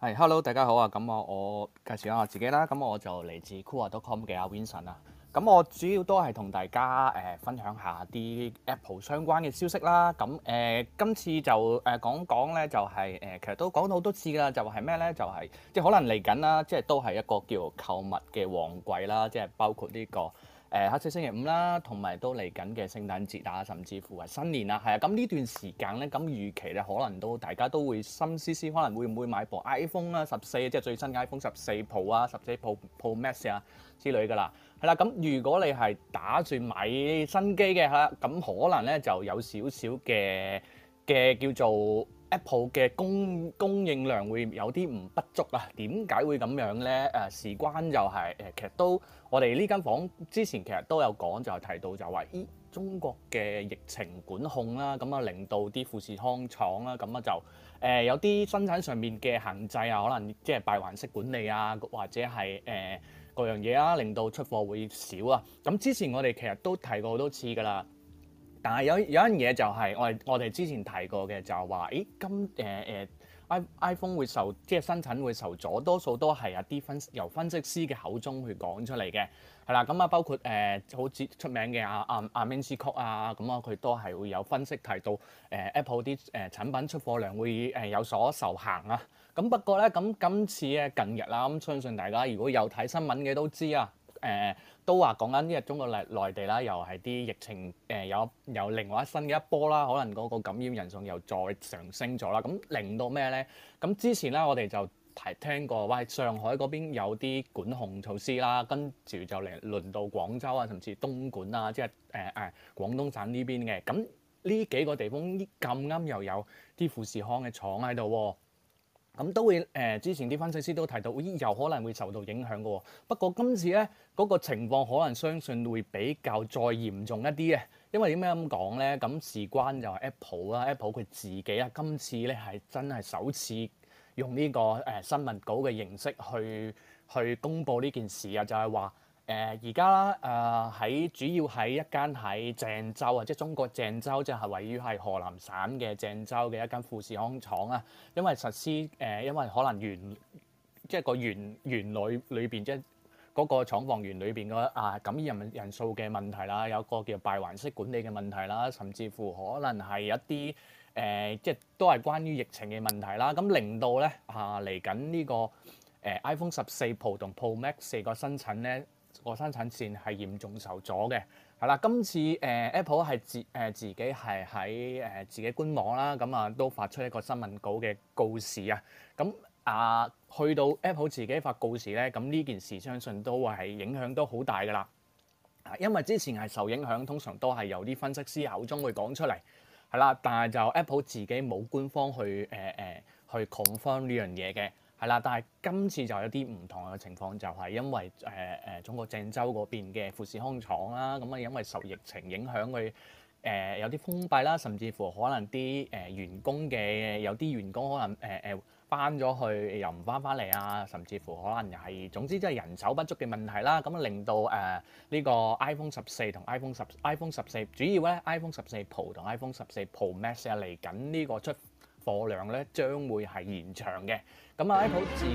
係，Hello，大家好啊！咁我介紹下我自己啦，咁、啊、我就嚟自 cool.com 嘅 Vincent 啊。咁、啊、我主要都係同大家誒、呃、分享一下啲 Apple 相關嘅消息啦。咁、啊、誒、啊，今次就誒講講咧，就係誒，其實都講到好多次㗎啦。就係咩咧？就係、是、即係可能嚟緊啦，即係都係一個叫購物嘅旺季啦。即係包括呢、這個。誒黑色星期五啦，同埋都嚟緊嘅聖誕節啊，甚至乎係新年啦，係啊，咁呢段時間咧，咁預期咧可能都大家都會心思思，可能會唔會買部 iPhone 啦，十四即係最新 iPhone 十四 Pro 啊，十四 Pro Pro Max 啊之類噶啦，係啦，咁如果你係打算買新機嘅嚇，咁可能咧就有少少嘅嘅叫做。Apple 嘅供供應量會有啲唔不足啊？點解會咁樣呢？誒、啊，事關就係、是、誒，其實都我哋呢間房之前其實都有講，就係、是、提到就話，咦，中國嘅疫情管控啦，咁啊令到啲富士康廠啦，咁啊，啊就誒、啊、有啲生產上面嘅限制啊，可能即係閉環式管理啊，或者係誒、啊、各樣嘢啊，令到出貨會少啊。咁之前我哋其實都提過好多次噶啦。但係有有一樣嘢就係我哋我哋之前提過嘅就係話，誒今誒誒 i iPhone 會受即係生產會受，受阻，多數都係啊啲分由分析師嘅口中去講出嚟嘅，係啦，咁啊包括誒好似出名嘅阿阿阿 Ming-Chi Kuo 啊，咁啊佢都係會有分析提到誒、uh, Apple 啲誒產品出貨量會誒有所受限啊。咁不過咧，咁今次嘅近日啦，咁相信大家如果有睇新聞嘅都知啊。誒、嗯、都話講緊，呢日中國內內地啦，又係啲疫情誒、呃、有有另外一新嘅一波啦，可能嗰個感染人數又再上升咗啦。咁、嗯、令到咩咧？咁、嗯、之前咧，我哋就提聽過，喂，上海嗰邊有啲管控措施啦，跟住就嚟輪到廣州啊，甚至東莞啊，即係誒誒廣東省呢邊嘅。咁、嗯、呢幾個地方咁啱又有啲富士康嘅廠喺度喎。咁都會誒、呃，之前啲分析師都提到，咦、哎，有可能會受到影響嘅喎。不過今次呢嗰、這個情況可能相信會比較再嚴重一啲嘅。因為點解咁講呢？咁事關就係 Apple 啦、啊，Apple 佢自己啊，今次呢係真係首次用呢、這個誒、呃、新聞稿嘅形式去去公佈呢件事啊，就係、是、話。誒而家誒喺主要喺一間喺鄭州即係中國鄭州，即、就、係、是、位於係河南省嘅鄭州嘅一間富士康廠啊。因為實施誒、呃，因為可能原即係個原園裏裏邊即係嗰個廠房園裏邊個啊感染人，人數嘅問題啦，有個叫閉環式管理嘅問題啦，甚至乎可能係一啲誒、呃、即係都係關於疫情嘅問題啦。咁、啊、令到咧啊嚟緊呢個誒、呃、iPhone 十四 Pro 同 Pro Max 四個新產咧。個生產線係嚴重受阻嘅，係啦。今次誒、呃、Apple 係自誒、呃、自己係喺誒自己官網啦，咁啊都發出一個新聞稿嘅告示啊。咁啊去到 Apple 自己發告示咧，咁、嗯、呢件事相信都會係影響都好大㗎啦、啊。因為之前係受影響，通常都係由啲分析師口中會講出嚟，係啦。但係就 Apple 自己冇官方去誒誒、呃呃、去 confirm 呢樣嘢嘅。係啦，但係今次就有啲唔同嘅情況，就係、是、因為誒誒中國鄭州嗰邊嘅富士康廠啦，咁、呃呃、啊因為受疫情影響，佢、呃、誒有啲封閉啦，甚至乎可能啲誒員工嘅有啲員工可能誒誒翻咗去，又唔翻翻嚟啊，甚至乎可能又、就、係、是、總之即係人手不足嘅問題啦，咁令到誒呢個 iPhone 十四同 iPhone 十 iPhone 十四主要咧 iPhone 十四 Pro 同 iPhone 十四 Pro Max 啊嚟緊呢個出貨量咧將會係延長嘅，咁 Apple 自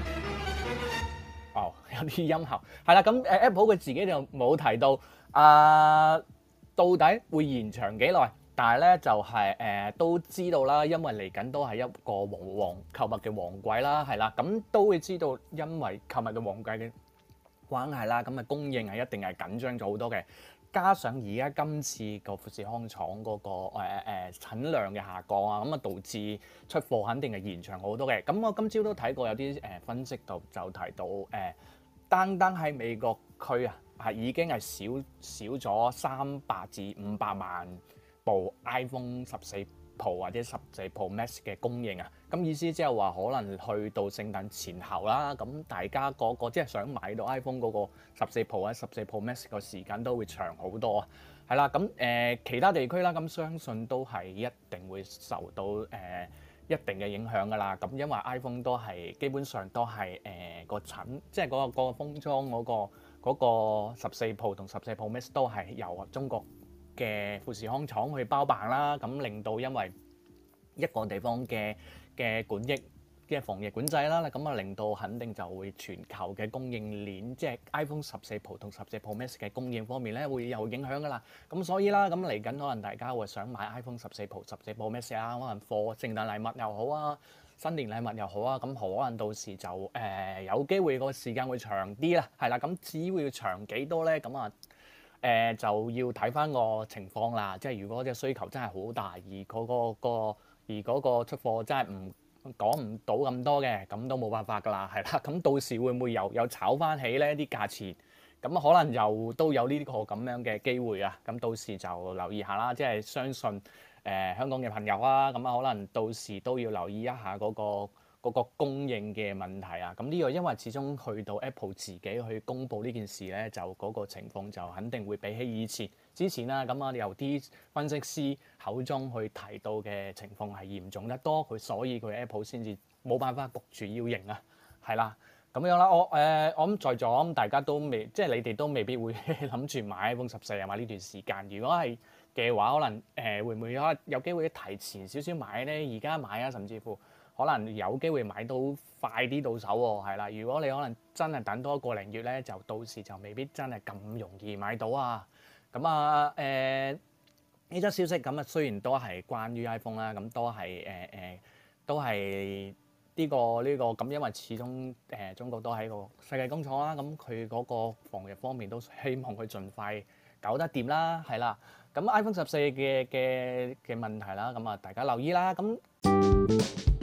哦有啲音效係啦，咁誒 Apple 佢自己就冇提到啊、呃、到底會延長幾耐，但係咧就係、是、誒、呃、都知道啦，因為嚟緊都係一個旺旺購物嘅旺季啦，係啦，咁都會知道因為購物嘅旺季嘅關係啦，咁啊供應係一定係緊張咗好多嘅。加上而家今次個富士康廠嗰個誒誒產量嘅下降啊，咁啊導致出貨肯定係延長好多嘅。咁我今朝都睇過有啲誒分析度就提到誒，單單喺美國區啊，係已經係少少咗三百至五百萬部 iPhone 十四。鋪或者十四 Pro Max 嘅供應啊，咁意思即係話可能去到聖誕前後啦，咁大家嗰、那個即係想買到 iPhone 嗰個十四 Pro 啊、十四 Pro Max 個時間都會長好多啊，係啦，咁誒、呃、其他地區啦，咁相信都係一定會受到誒、呃、一定嘅影響㗎啦，咁因為 iPhone 都係基本上都係誒、呃那個襯，即係嗰個封裝嗰、那個十四、那個、Pro 同十四 Pro Max 都係由中國。嘅富士康廠去包辦啦，咁令到因為一個地方嘅嘅管疫即係防疫管制啦，咁啊令到肯定就會全球嘅供應鏈，即係 iPhone 十四 Pro 同十四 Pro Max 嘅供應方面咧會有影響噶啦。咁所以啦，咁嚟緊可能大家會想買 iPhone 十四 Pro、十四 Pro Max 啦，可能貨聖誕禮物又好啊，新年禮物又好啊，咁可能到時就誒有機會個時間會長啲啦，係啦，咁至於會要長幾多咧？咁啊～誒、呃、就要睇翻個情況啦，即係如果隻需求真係好大，而嗰、嗰個、嗰個、而嗰出貨真係唔講唔到咁多嘅，咁都冇辦法㗎啦，係啦，咁到時會唔會又有炒翻起呢啲價錢？咁可能又都有呢個咁樣嘅機會啊，咁到時就留意下啦，即係相信誒、呃、香港嘅朋友啊，咁啊可能到時都要留意一下嗰、嗰個。嗰個供應嘅問題啊，咁呢個因為始終去到 Apple 自己去公佈呢件事呢，就嗰個情況就肯定會比起以前之前啦。咁啊由啲分析師口中去提到嘅情況係嚴重得多，佢所以佢 Apple 先至冇辦法焗住要認啊，係啦咁樣啦。樣我誒、呃、我諗在座大家都未即係你哋都未必會諗住買 iPhone 十四啊嘛，呢段時間，如果係嘅話，可能誒、呃、會唔會有機會提前少少買呢？而家買啊，甚至乎。可能有機會買到快啲到手喎，係啦。如果你可能真係等多一個零月咧，就到時就未必真係咁容易買到啊。咁啊，誒呢則消息咁啊，雖然都係關於 iPhone 啦，咁都係誒誒都係呢個呢個咁，因為始終誒中國都喺一個世界工廠啦，咁佢嗰個防疫方面都希望佢盡快搞得掂啦，係啦。咁 iPhone 十四嘅嘅嘅問題啦，咁啊大家留意啦，咁。